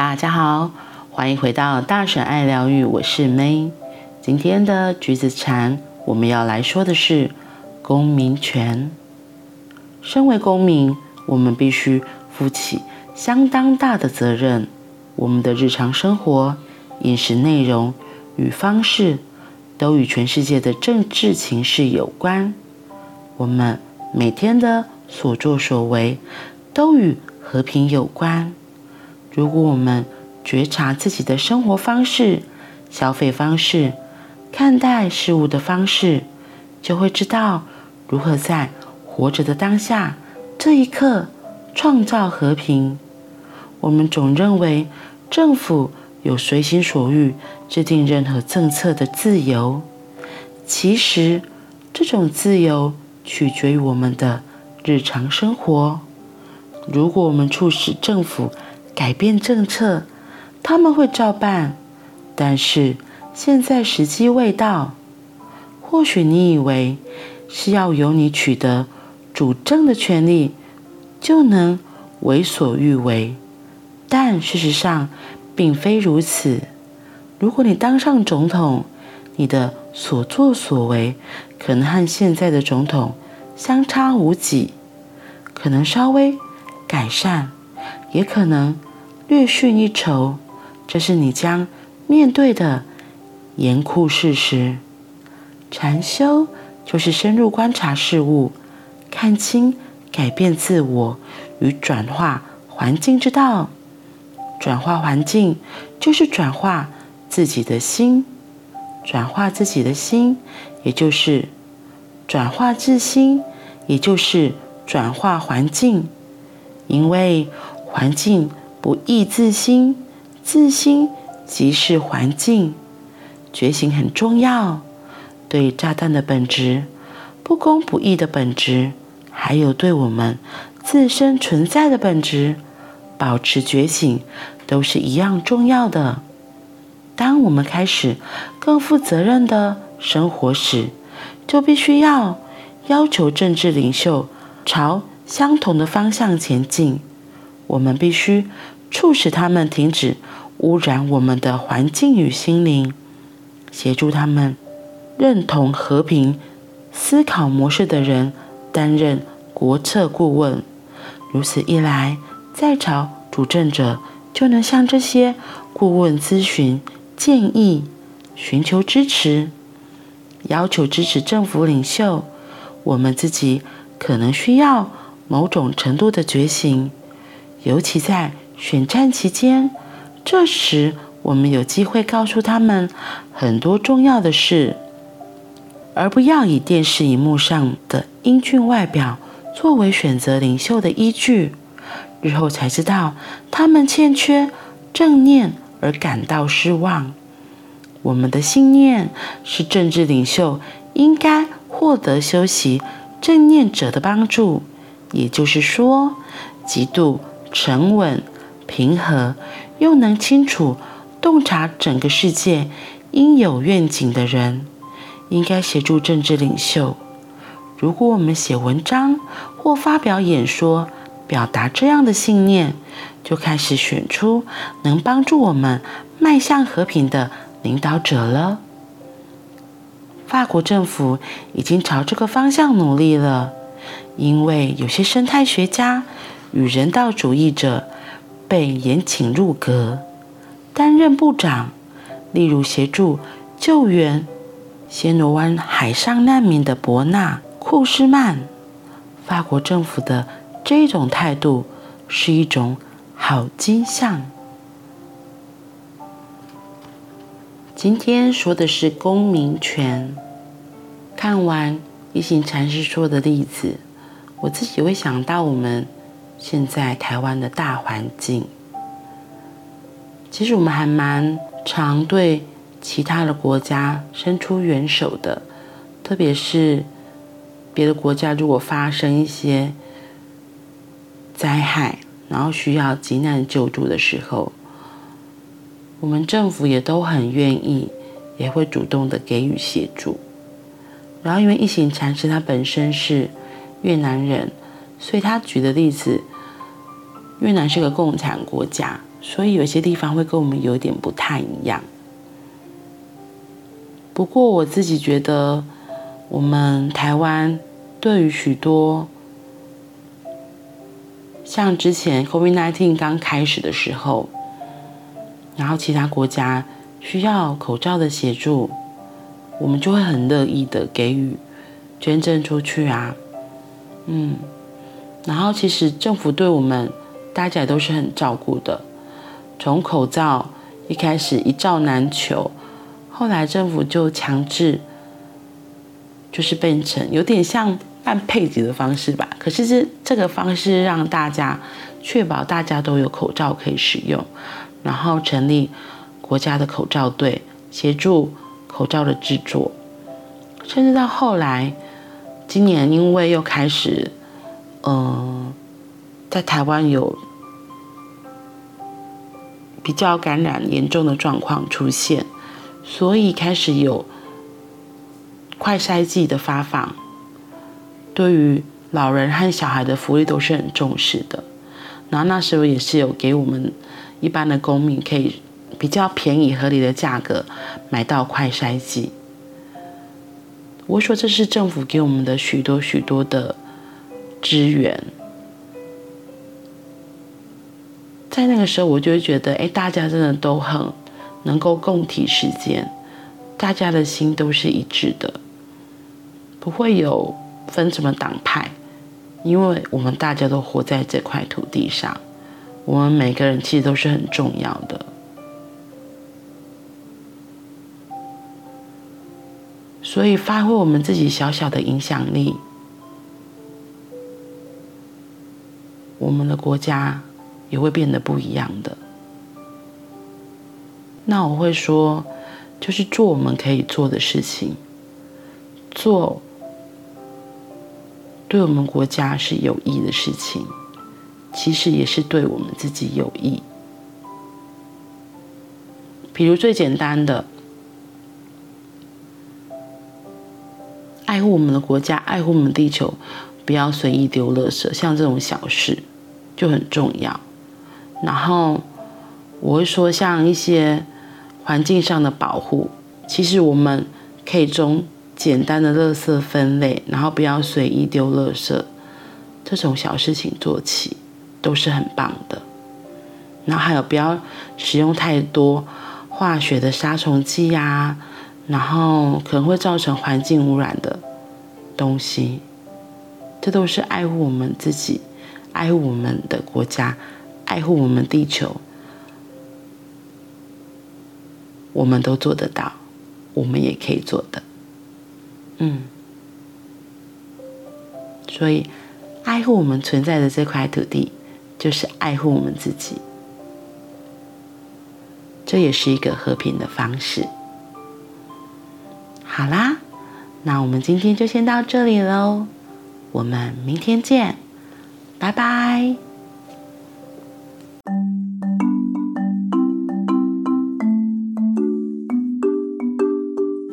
大家好，歡迎回到大嬸愛療癒，我是 May。今天的橘子禪，我們要來說的是公民權。身為公民，我們必須負起相當大的責任。我們的日常生活、飲食內容與方式，都與全世界的政治情勢有關。我們每天的所作所為，都與和平有關。如果我們覺察自己的生活方式、消費方式、看待事物的方式，就會知道如何在活着的當下，這一刻創造和平。我們總認為政府有隨心所欲制定任何政策的自由，其實這種自由取決於我們的日常生活。如果我們促使政府，改變政策，他們會照辦。但是現在時機未到。或許你以為是要由你取得主政的權利，就能為所欲為。但事實上並非如此。如果你當上總統，你的所作所為可能和現在的總統相差無幾，可能稍微改善，也可能。略遜一籌，這是你將面對的嚴酷事實。禪修就是深入觀察事物，看清改變自我與轉化環境之道。轉化環境就是轉化自己的心，轉化自己的心，也就是轉化自心，也就是轉化環境，因為環境。不義自心，自心即是環境。覺醒很重要，對炸彈的本質、不公不義的本質，還有對我們自身存在的本質，保持覺醒，都是一樣重要的。當我們開始更負責任的生活時，就必須要要求政治領袖朝相同的方向前進。我們必須促使他們停止污染我們的環境與心靈，協助他們認同和平思考模式的人擔任國策顧問。如此一來，在朝主政者就能向這些顧問諮詢、建議、尋求支持，要求支持政府領袖。我們自己可能需要某種程度的覺醒。尤其在選戰期間，這時我們有機會告訴他們很多重要的事，而不要以電視熒幕上的英俊外表作為選擇領袖的依據。日後才知道他們欠缺正念而感到失望。我們的信念是，政治領袖應該獲得修習正念者的幫助，也就是說，極度沉穩、平和，又能清楚洞察整個世界應有願景的人，應該協助政治領袖。如果我們寫文章或發表演說，表達這樣的信念，就開始選出能幫助我們邁向和平的領導者了。法國政府已經朝這個方向努力了，因為有些生態學家，與人道主義者被延請入閣擔任部長，例如協助救援暹羅灣海上難民的伯納庫斯曼。法國政府的這種態度是一種好跡象。今天說的是公民權。看完一行禪師說的例子，我自己會想到我們。現在台灣的大環境，其實我們還蠻常對其他的國家伸出援手的，特別是別的國家如果發生一些災害，然後需要急難救助的時候，我們政府也都很願意，也會主動的給予協助。然後因為一行禪師他本身是越南人，所以他舉的例子。越南是個共產國家，所以有些地方會跟我們有點不太一樣。不過我自己覺得，我們台灣對於許多像之前 COVID-19 剛開始的時候，然後其他國家需要口罩的協助，我們就會很樂意的給予捐贈出去啊。嗯，然後其實政府對我們。大家都是很照顧的。從口罩一開始一罩難求，後來政府就強制，就是變成有點像辦配給的方式吧。可是這這個方式讓大家確保大家都有口罩可以使用，然後成立國家的口罩隊，協助口罩的製作，甚至到後來，今年因為又開始，嗯、呃，在台灣有。比較感染嚴重的狀況出現，所以開始有快篩劑的發放，對於老人和小孩的福利都是很重視的。然後那時候也是有給我們一般的公民可以比較便宜合理的價格買到快篩劑。我說這是政府給我們的許多許多的資源。在那個時候，我就會覺得，哎，大家真的都很能夠共體時艱，大家的心都是一致的，不會有分什麼黨派，因為我們大家都活在這塊土地上，我們每個人其實都是很重要的，所以發揮我們自己小小的影響力，我們的國家。也會變得不一樣的。那我會說，就是做我們可以做的事情，做對我們國家是有益的事情，其實也是對我們自己有益。比如最簡單的，愛護我們的國家，愛護我們地球，不要隨意丟垃圾，像這種小事就很重要。然後我會說，像一些環境上的保護，其實我們可以從簡單的垃圾分類，然後不要隨意丟垃圾，這種小事情做起，都是很棒的。然後還有不要使用太多化學的殺蟲劑呀、啊，然後可能會造成環境汙染的東西，這都是愛護我們自己，愛護我們的國家。愛護我們地球，我們都做得到，我們也可以做的，嗯。所以，愛護我們存在的這塊土地，就是愛護我們自己。這也是一個和平的方式。好啦，那我們今天就先到這裡嘍，我們明天見，拜拜。